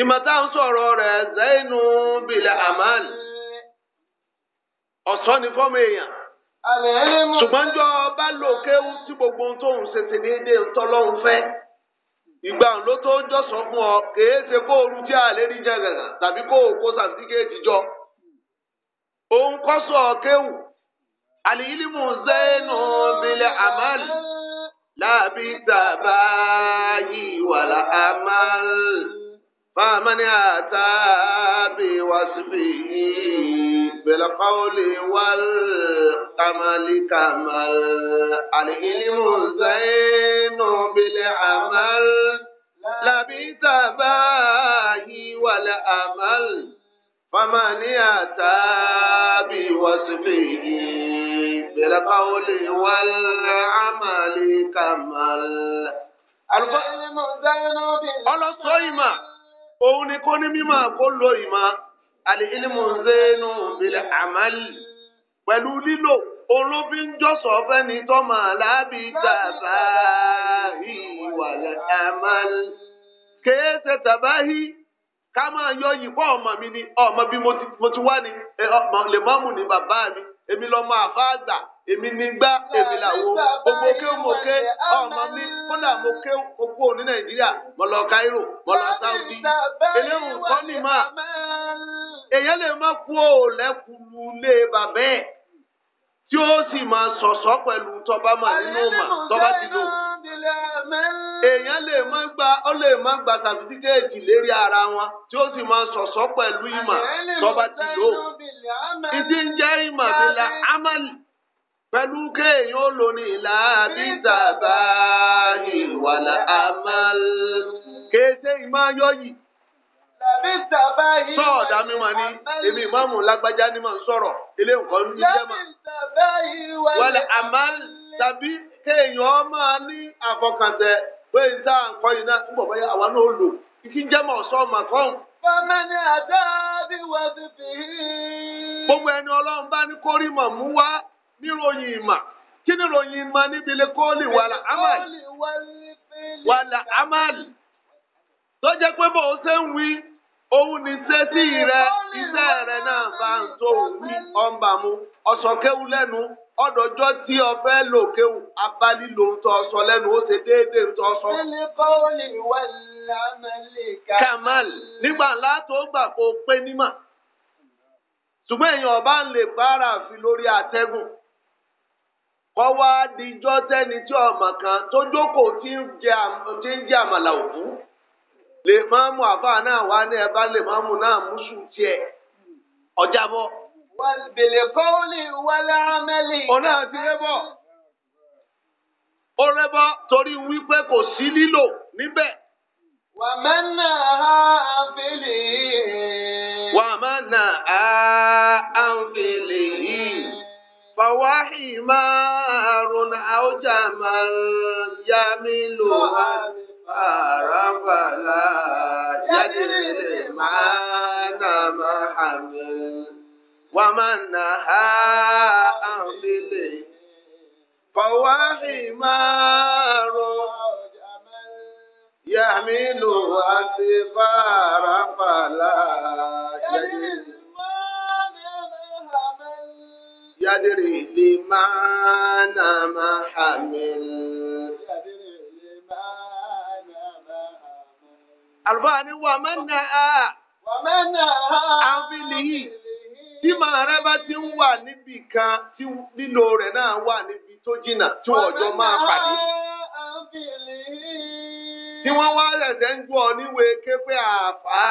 ìmọ̀tá ń sọ̀rọ̀ rẹ̀ zéénú bìlẹ̀ amal ọ̀sán ni fọ́ọ̀mù èèyàn ṣùgbọ́n jọ bá lò kéwú tí gbogbo ohun tóun ṣe ti ní ilé ńtọ́lọ́hún fẹ́ ìgbà ló tó jọ̀sán fún ọ kèé ṣe kó ooru tí a lè rí jẹ gàgà tàbí kó o kó sàtífíkẹ́ẹ̀tì jọ òun kọ́ sọ kéwú àlìyílímù zẹ́ẹ̀nù bílẹ̀ لبئس باي والأمل فمن أتى بوصفه بالقول والعمل كمل العلم زين بالعمل لبئس باي والأمل فمن أتى بوصفه بالقول والعمل كمل الفهم زين ọlọ́sọ ìmọ̀ òun ni kó ní mímọ̀ kó lo ìmọ̀ alìhílímù zénú bìlẹ̀ àmàlì lílo olófin jọ́sọ̀ fẹ́ni tọ́mọ̀ tàbá ìwà àmàlì kéé ṣe tàbá yìí ká máa yọ yìpọ̀ ọmọ mi ni ọmọ bí mo ti wá ni lè mọ́mù ni bàbá mi èmi lọ́mọ àbá àgbà èmi ní gbá èmi làwo gbogbo kéwù mo ké ọmọ mi kódà mo ké gbogbo ní nàìjíríà mo lọ Cairo mo lọ Saudi eléwù kọ́ ni mà èyàn lè má kú ò lẹ́kùlù lé bàbá ẹ̀ tí ó sì máa sọ̀sọ́ pẹ̀lú tọ́ba mà nínú mà tọ́ba ti lò èèyàn lè má gba ó lè má gba sàtífíkẹ́ẹ̀tì lérí ara wọn tí ó sì máa sọ̀sọ́ pẹ̀lú ìmọ̀ tọ́ba ti lò ìdí ń jẹ́ ìmọ̀ bí la amali pẹ̀lú kéèyàn ó lò ní ìlà bíjàmbá ìwàlà amali kéèṣe ìmọ̀ ayọ́yì sọ́ọ̀dà mímọ ni èmi ìmọ̀mù lágbájá ni mà ń sọ̀rọ̀ ilé nǹkan ń jẹ́ mà wàlà amali tàbí. kéèyàn máa ní àfọkàntẹ pé wee tá yìí náà ń bọ̀ àwa náà lò jẹ́ mọ̀ ọmọ kan. àdá bí wọ́n ti fi gbogbo ẹni ọlọ́run bá ní kórìí mọ̀ mú wá níròyìn ìmọ̀ kí níròyìn ìmọ̀ níbi lè kóòlì ọdọjọ tí ọfẹ lò kéwù abali ló ń tọ sọ lẹ́nu ó ṣe déédéé ń tọ sọ. ilé kọ́ọ̀lì wà lámẹ́lẹ̀ kamal. nígbà látò gbà kó pé nímà ṣùgbọ́n èèyàn ọba ń lè bára fi lórí àtẹ́gùn kọ́ wá dijọ́ tẹ́ni tí ọmọ kan tó jókòó tí ń jẹ àmàlà òkú lè máàmù àbá náà wá ní ẹ bá lè máàmù náà mú sùn tiẹ̀ ọjà bọ́. Bèlèkọ́ọ̀lì wálé ámẹ́lì. Ọ̀nà àti rẹ́bọ̀. Ó rẹ́bọ̀ torí wípé kò sí lílò níbẹ̀. Wà máa nà á àǹfẹ̀lì. Wà máa nà á àǹfẹ̀lì yìí. Fàwáhì máa rún àwùjá máa ń yá mi lò wá. Àràbàlà yá dé lè máa nà máa hàmì. ومن نهى عن بلي فهو حمار يحمل أسفار فلا يجري يدري لمن ما حمل الباني ومن نهى ومن نهى عن بلي tí màárá bá ti ń wà níbi kan tí lílo rẹ̀ náà wà níbi tó jìnnà tí wọ́n máa pàdé. tí wọ́n wá rẹ̀sẹ̀ ń gbọ́ níwe képe náà bá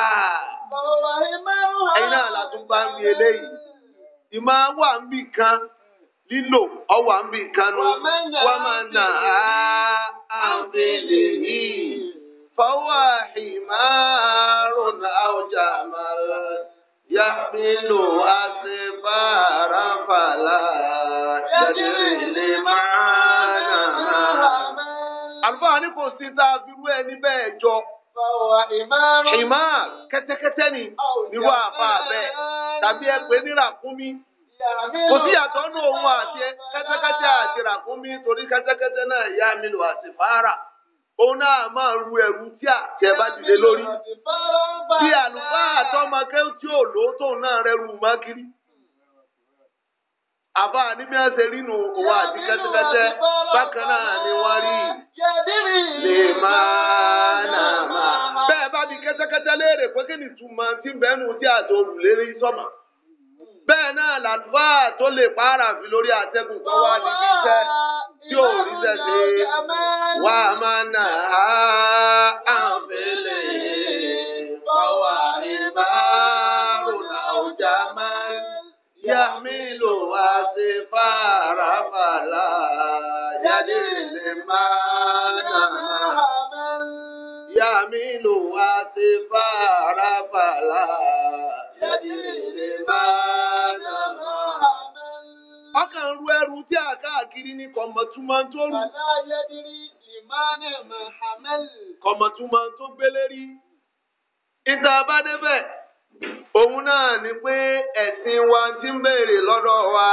ń wà níbì kan lílo ọwà níbì kan nu wọ́n máa nà á àbẹ̀lẹ̀ yìí. fọwọ́ يحمل أسفارا فلا يدري معنا àlùfáà ní kò sí tá a fi rú ẹni bẹ́ẹ̀ jọ. ìmá kẹ́tẹ́kẹ́tẹ́ ni irú àfa bẹ́ẹ̀ tàbí ẹ pé ní ràkúnmí. kò sí yàtọ̀ nù òun àti kẹ́tẹ́kẹ́tẹ́ àti ràkúnmí torí kẹ́tẹ́kẹ́tẹ́ náà yá mi lò àti fàárà. òun náà máa ru ẹrù tí àtẹ bá dìde lórí bí àlùfáà àtọmọkẹ tí ò lò tóun náà rẹrù kiri àbá níbi ẹsẹ rínu di àti kẹtẹkẹtẹ bákan náà ni wọn rí lè máa nà máa. bẹ́ẹ̀ bá bi kẹtẹkẹtẹ léèrè pé kí ni ìtumọ̀ tí ń bẹ́ẹ̀ nù tí àtọ olùlérí sọ́mà bẹ́ẹ̀ náà làlùfáà fi lórí àtẹ̀gùn tí ò rí sẹ́sẹ́ wà á máa nà á àǹfẹ̀lẹ̀ báwa ìbá rúnà ọjà máa yá mi lò wá sí fàràfàrà yáde lè máa nà Yá mi lò wá sí fàràfàrà yáde lè máa ọkàn ru ẹrù tí a káàkiri ní kọ̀mọ̀túmọ̀ tó rù. bàbá ayédèrè ìmánà mohammed. kọ̀mọ̀túmọ̀ tó gbélé rí. ìta bá débẹ̀ òun náà ni pé ẹ̀sìn wa ti ń béèrè lọ́dọ̀ wa.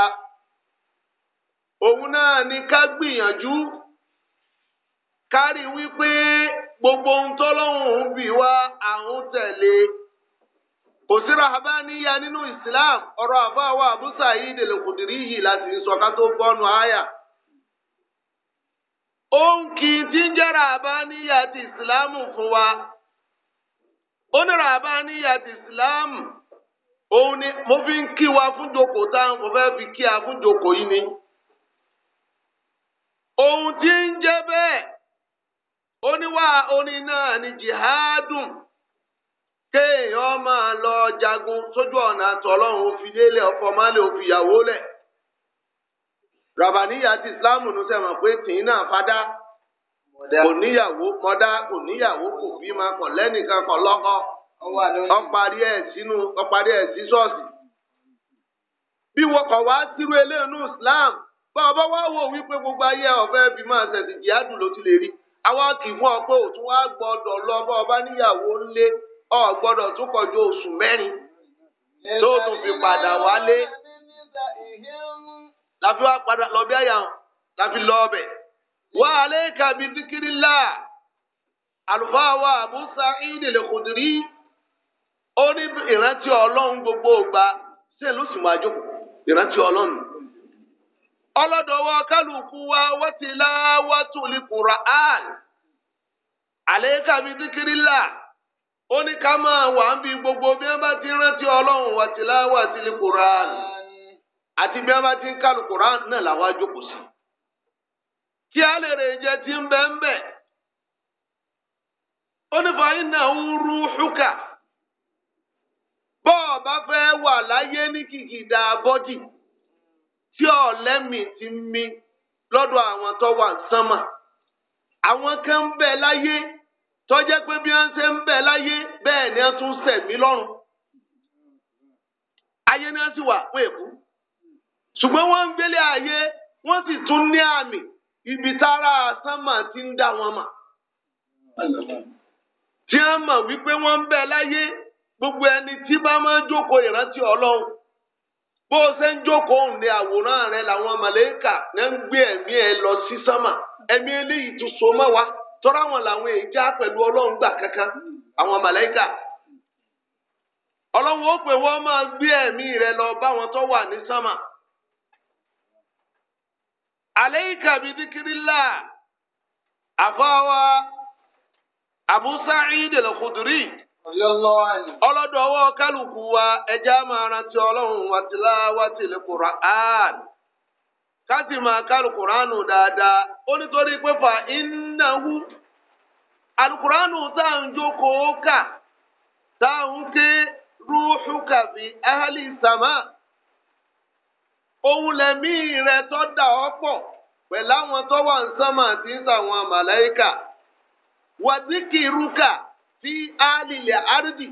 òun náà ni ká gbìyànjú kárí wípé gbogbo ohun tọ́lọ́hún bí wa à ń tẹ̀lé kò sí rahabaniya nínú islam ọ̀rọ̀ àbáwá abu sa'id al-Khudrihi láti sọ tó bọ́nu àyà. ó ń kí tí ń jẹ́ ti islam fún wa ó ní islam òun ni fi ń kí wa fún táwọn mo fẹ́ fi kí a fún yìí ni. ń ni jihadun. kéèyàn máa lọ jagun sójú ọ̀nà àtọ̀lọ́hún òfin lélẹ̀ ọkọ̀ máa lè òfin ìyàwó lẹ̀. rabaniya ti islam nu sẹ́wọ̀n pé tìǹ náà fadá kò níyàwó mọ́dá kò níyàwó kò bí ma kọ̀ lẹ́nìkan kọ̀ lọ́kọ́ ọparí ẹ̀ sí ṣọ́ọ̀ṣì. bí wọn kọ̀ wá sírú eléyìí islam bá ọba wá wò wípé gbogbo ayé ọ̀fẹ́ bí máa ṣẹ̀sìn jihadu ló ti lè rí àwa kì í mú ọ pé òtún wá gbọ́dọ̀ lọ bá ọba níyàwó ńlé ọ gbọdọ tún kọjú oṣù mẹ́rin tó tún fi padà wálé láfi wá padà lọ bí àyà láfi lọ ọbẹ wà á lè ka bí dìkìrì là àlùfáà wa Abu Sa'id al-Khudri ó ní ìrántí Ọlọ́run gbogbo ògbà ṣé ló sì wájú ìrántí Ọlọ́run ọlọ́dọ̀wọ́ kálukú wa wọ́n ti láwọ́ tó lè Qur'an àlẹ́ kàbí ó ní ká máa wà ń bi gbogbo bí wọ́n bá ti rántí ọlọ́run wa ti láwà sí ní kuraani àti bí wọ́n bá ti ń kálu kuraani náà làwọn ajókòó sí. kí á lè rè jẹ ti ń bẹ́ẹ̀ ó ní fàáyín náà ń rú ṣúkà bọ́ọ̀ bá fẹ́ wà láyé ní kìkìdá bọ́dì tí ọ̀lẹ́mì ti mí lọ́dọ̀ àwọn tó wà sánmà àwọn kan ń bẹ láyé. tọ́jẹ́ pé bí wọ́n ṣe ń bẹ láyé bẹ́ẹ̀ ni wọ́n tún sẹ̀mí lọ́rùn. ayé ni wọ́n sì wà wọ́n èkú ṣùgbọ́n wọ́n ń gbélé ayé wọ́n sì tún ní àmì ibi tára sánmà ti ń dà wọn mà tí wọ́n mọ̀ wípé wọ́n ń bẹ láyé gbogbo ẹni tí bá máa ń jókòó ìrántí ọlọ́run bó o ṣe ń jókòó ní àwòrán rẹ làwọn màlẹ́kà náà ń gbé ẹ̀mí ẹ lọ sí sánmà ẹ̀mí eléyìí tún so mọ́ wa. tọ́ra wọn làwọn èjá pẹ̀lú ọlọ́run gbà kankan àwọn màláíkà ọlọ́run ó pè wọ́n máa gbé ẹ̀mí rẹ lọ báwọn tó wà ní sánmà. àlẹ́yìnkà bíi díkìrìlá àfọwọ́ Abu ọlọ́dọ̀ ọwọ́ kálukú wa ẹja máa rántí kásì ma ká alukuraanu dáadáa ó nítorí pé fa ìnáwó alukuraanu tá à ń jókòó kà tá à ń ké rúùhù kàbí ahali sàmà ohun lẹ́mí rẹ tó dà ọ́ pọ̀ pẹ̀lú àwọn tó wà ń sánmà àti ń sàwọn àrídì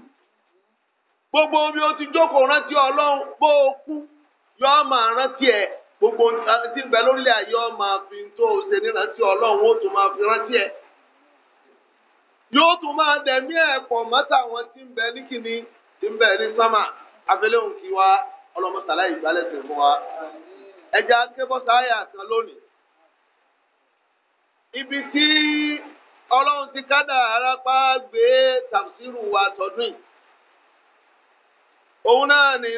gbogbo omi ó ti jókòó rántí ọlọ́run bó o kú máa rántí gbogbo tí ń bẹ lórílẹ̀ ayé fi tó ṣe ṣe nírántí ọlọ́run ó tún máa fi rántí ẹ̀ yóò tún máa dẹ̀mí ẹ̀ pọ̀ mọ́tà wọn tí ń bẹ ní kìíní tí ń bẹ ní sámà kí wá ọlọ́mọsàlá fún wa ibi tí ọlọ́run ti kádà arápá gbé tàbísírù wa tọdún yìí òun náà ní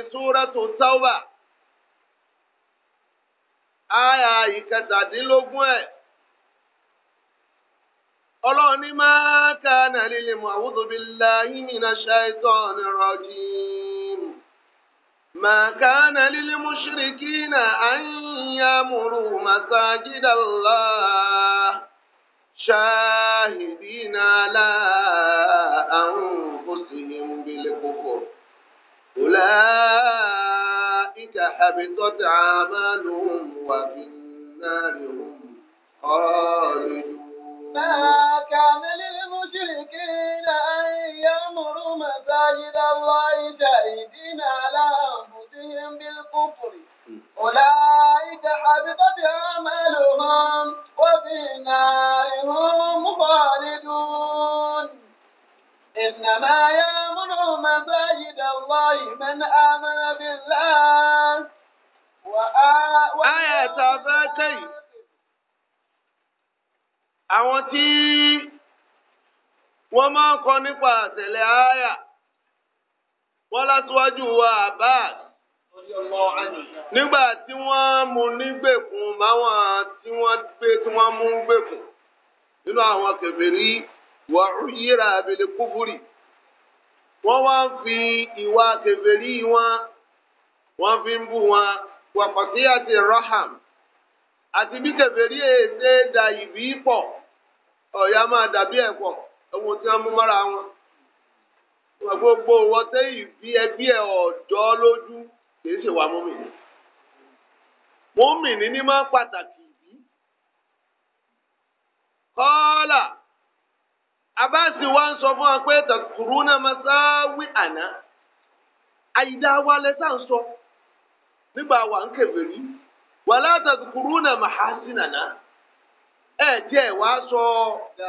àyà ìkẹtàdínlógún ẹ̀ ọlọ́run ní máa ká nàlílẹ̀ mọ́ a'udhu billahi minash shaitani rajim. ما كان للمشركين أن يامروا مساجد الله شاهدين على أنفسهم بالكفر أولئك حبطت أعمالهم وفي النار هم خالدون ما كان للمشركين أن يأمروا مساجد الله شاهدين على أنفسهم بالكفر أولئك حبطت أعمالهم وفي النار هم خالدون إنما يأمر مساجد الله من آمن بالله kẹ́yìn àwọn tí wọ́n máa ń kọ nípa àtẹ̀lẹ̀ àáyà wọ́n látúwájú wa Abbas nígbà tí wọ́n mú nígbèkùn máwọn tí wọ́n gbé tí wọ́n mú gbèkùn nínú àwọn kèfèrí wà yíra abèlè kúfúrì wọ́n wá ń fi ìwà kèfèrí wọn wọ́n fi ń bú wọn wà pàkíyàtì raham àti bí kẹfẹ́rí èdè da ìbí pọ̀ ọ̀yà máa dàbí ẹ̀pọ̀ ohun tí wọ́n mú mọ́ra wọn. gbogbo wọn tẹ́ ìbí ẹbí ẹ̀ ọ̀dọ́ lójú kìí ṣe wà mọ́mìnì. mọ́mìnì ní máa pàtàkì ìbí. kọ́lá abáàsì wa ń sọ fún wa pé tàkùrú náà máa wí àná lẹ́sà sọ nígbà wà ń wàlá tàdùkúrúnà màhásínàná ẹ jẹ wá sọ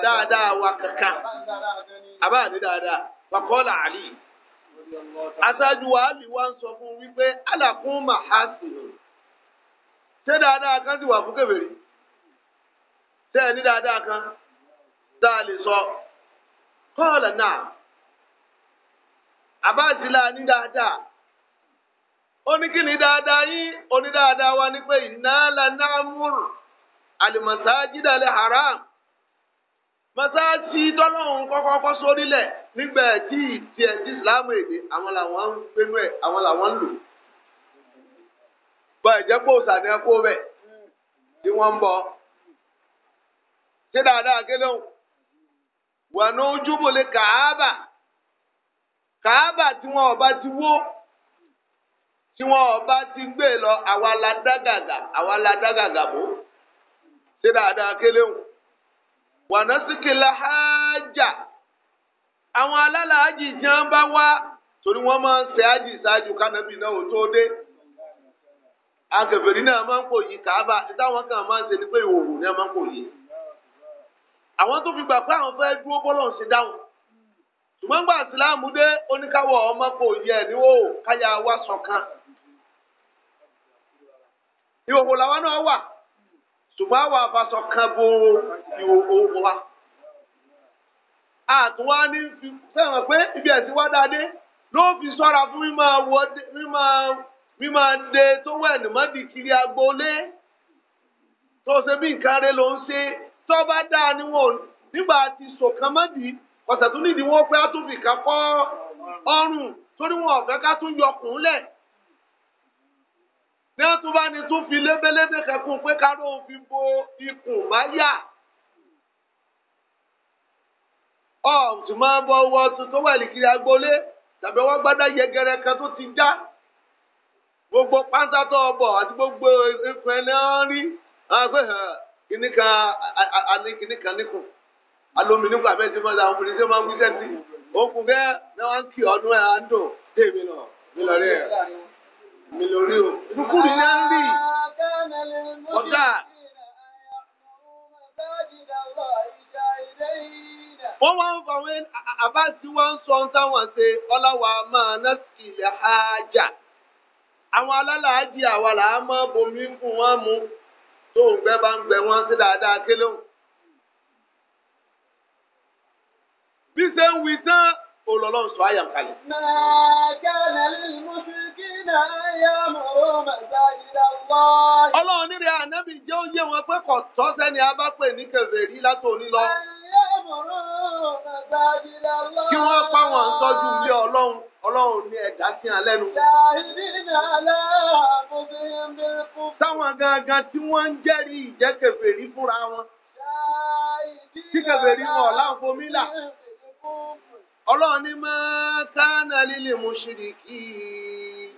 dáadáa wa kankan àbáàdé dáadáa wàkọ́lá àlì aṣáájú wa wa sọ fún wípé alàkún màhásínù ṣé dáadáa kan ti wà fún kèfèrí ṣé ẹni dáadáa kan tá a lè sọ kọ́ọ̀lá náà àbáàdé ó dada yi onidada wa ní pé haram masaji dọ́lọ́hún kọ́kọ́kọ́ sórílẹ̀ nígbà tí ìtì ẹ̀sì ìsìláàmù èdè àwọn làwọn ń gbénú ẹ̀ àwọn làwọn ń lò bọ. ẹ̀jẹ̀ pò sàní ẹ̀kọ́ bẹ̀ tí wọ́n ń ṣé dáadáa wọnú kàábà kàábà tí ọba ti wó. tí wọn bá ti gbé lọ àwa la dágàgà àwa la dágàgà bò ṣe dáadáa kéléwò wàná síkìlá hájà àwọn alálàájì jẹun bá wá torí wọn máa ń ṣe ájì ṣáájú kánábì náà ò tó dé akẹfẹrí náà máa ń pò yí kàába táwọn kan máa ń ṣe ni pé ìhòòhò náà máa ń pò yí àwọn tó fi gbà pé àwọn fẹẹ dúró bọlọ ń ṣe dáhùn ṣùgbọ́n gbà síláàmù dé oníkàwọ ọmọ kò yẹ ẹni wò káyà wá sọkan ìhòhò làwa náà wà ṣùgbọ́n àwọn àbàṣọ kan bo ìhòhò wa àtúwá ní fi fẹ́ràn pé ibi ẹ̀sìn wá dáadé ló fi sọ́ra fún mímọ de tó wẹ̀ nìmọ́dì kiri agboolé tó ṣe bí nǹkan rẹ ló ń ṣe tó bá dáa ni wọn nígbà tí sọ̀kan mọ́dì ọ̀sẹ̀ tó nídìí wọn pé á tún fi kà kọ́ ọrùn torí wọn ọ̀fẹ́ ká tún yọkùn lẹ̀ ní wọn tún bá ní tún fi lébélébé kẹkùn pé káró òfin bo ikùn máyà ọ tún máa bọ wọ tuntun wà lìkiri agboolé tàbí wọn gbádá yẹgẹrẹ kan tó ti já gbogbo pátá tó bọ àti gbogbo ìfẹ́ náà rí àwọn pé kìnnì kan àní kìnnì kan níkùn alomi nígbà bẹ́ẹ̀ tí wọn àwọn obìnrin tí wọn máa ń wí sẹsì òkùnkẹ náà wọn kì ọdún ẹ à ń náà mi ẹ mi lórí o ìdúkùrú náà ń rí ọ̀dà. wọ́n wá ń fọ wé àbáàsì wá ń sọ ohun táwọn ṣe ọlọ́wà máa ná sílẹ̀ ájà àwọn alálàájì àwa là á mọ bomi ń fún wọn mu tó ń gbẹ bá ń gbẹ wọn sí dáadáa kéléhùn. bí ṣe ń wí tán olọ́lọ́run sọ àyà kalẹ̀. ọlọ́run nílẹ̀ ànábì jẹ́ ó wọn pé kò tọ́ sẹ́ni a ní kèfèrí látòní lọ. kí wọ́n pa wọn tọ́jú ilé ọlọ́run ọlọ́run ní ẹ̀dá sí hàn táwọn gangan tí wọ́n ń jẹ́rìí ìjẹ́ kèfèrí fúnra wọn. tí kèfèrí wọn ọ̀la ń fomí là. Ọlọ́ọ̀ni ní máa kánà lílì mú ṣìrìkì.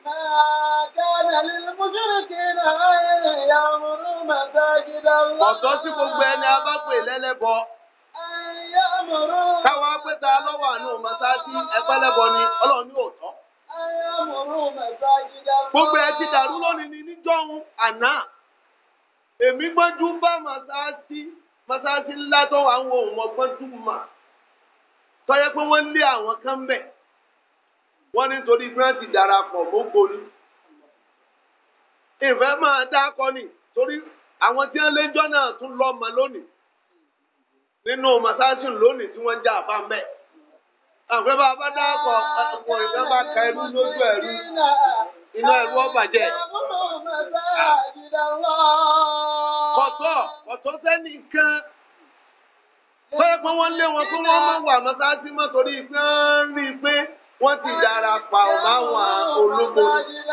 máa kánà líle mú náà ẹ̀yà múrú màsájídá lọ́wọ́. ọ̀tọ́ sí gbogbo ẹni a bá ẹ̀yà pé lọ́wọ́ àánú ẹgbẹ́lẹ́bọ ni ọlọ́ọ̀ni ní òótọ́. ẹ̀yà dàrú lónìí ni níjọ́hún àná. èmi bá ńlá tó wà tọ́yẹ pé wọ́n ń lé àwọn kan bẹ̀ wọ́n nítorí pé wọ́n ti darapọ̀ mọ́gbó ni. ìfẹ́ máa dá ni torí àwọn tí wọ́n léjọ́ náà tún lọ́ mọ́ lónìí nínú màsáàsì lónìí tí wọ́n ń já àbá ń bẹ̀. àwọn ìfẹ́ bá bá dá akọ ọ̀pọ̀ ìfẹ́ bá ka ẹrú lójú ẹrú iná ẹrú ọba kọ̀tọ̀ kọ̀tọ̀ sẹ́nìkan. Sọ́yẹ́ pé wọ́n lé wọn pé wọ́n máa wà mọ́sáàsì mọ́ torí pé wọ́n rí i pé wọ́n ti dára pa ológun.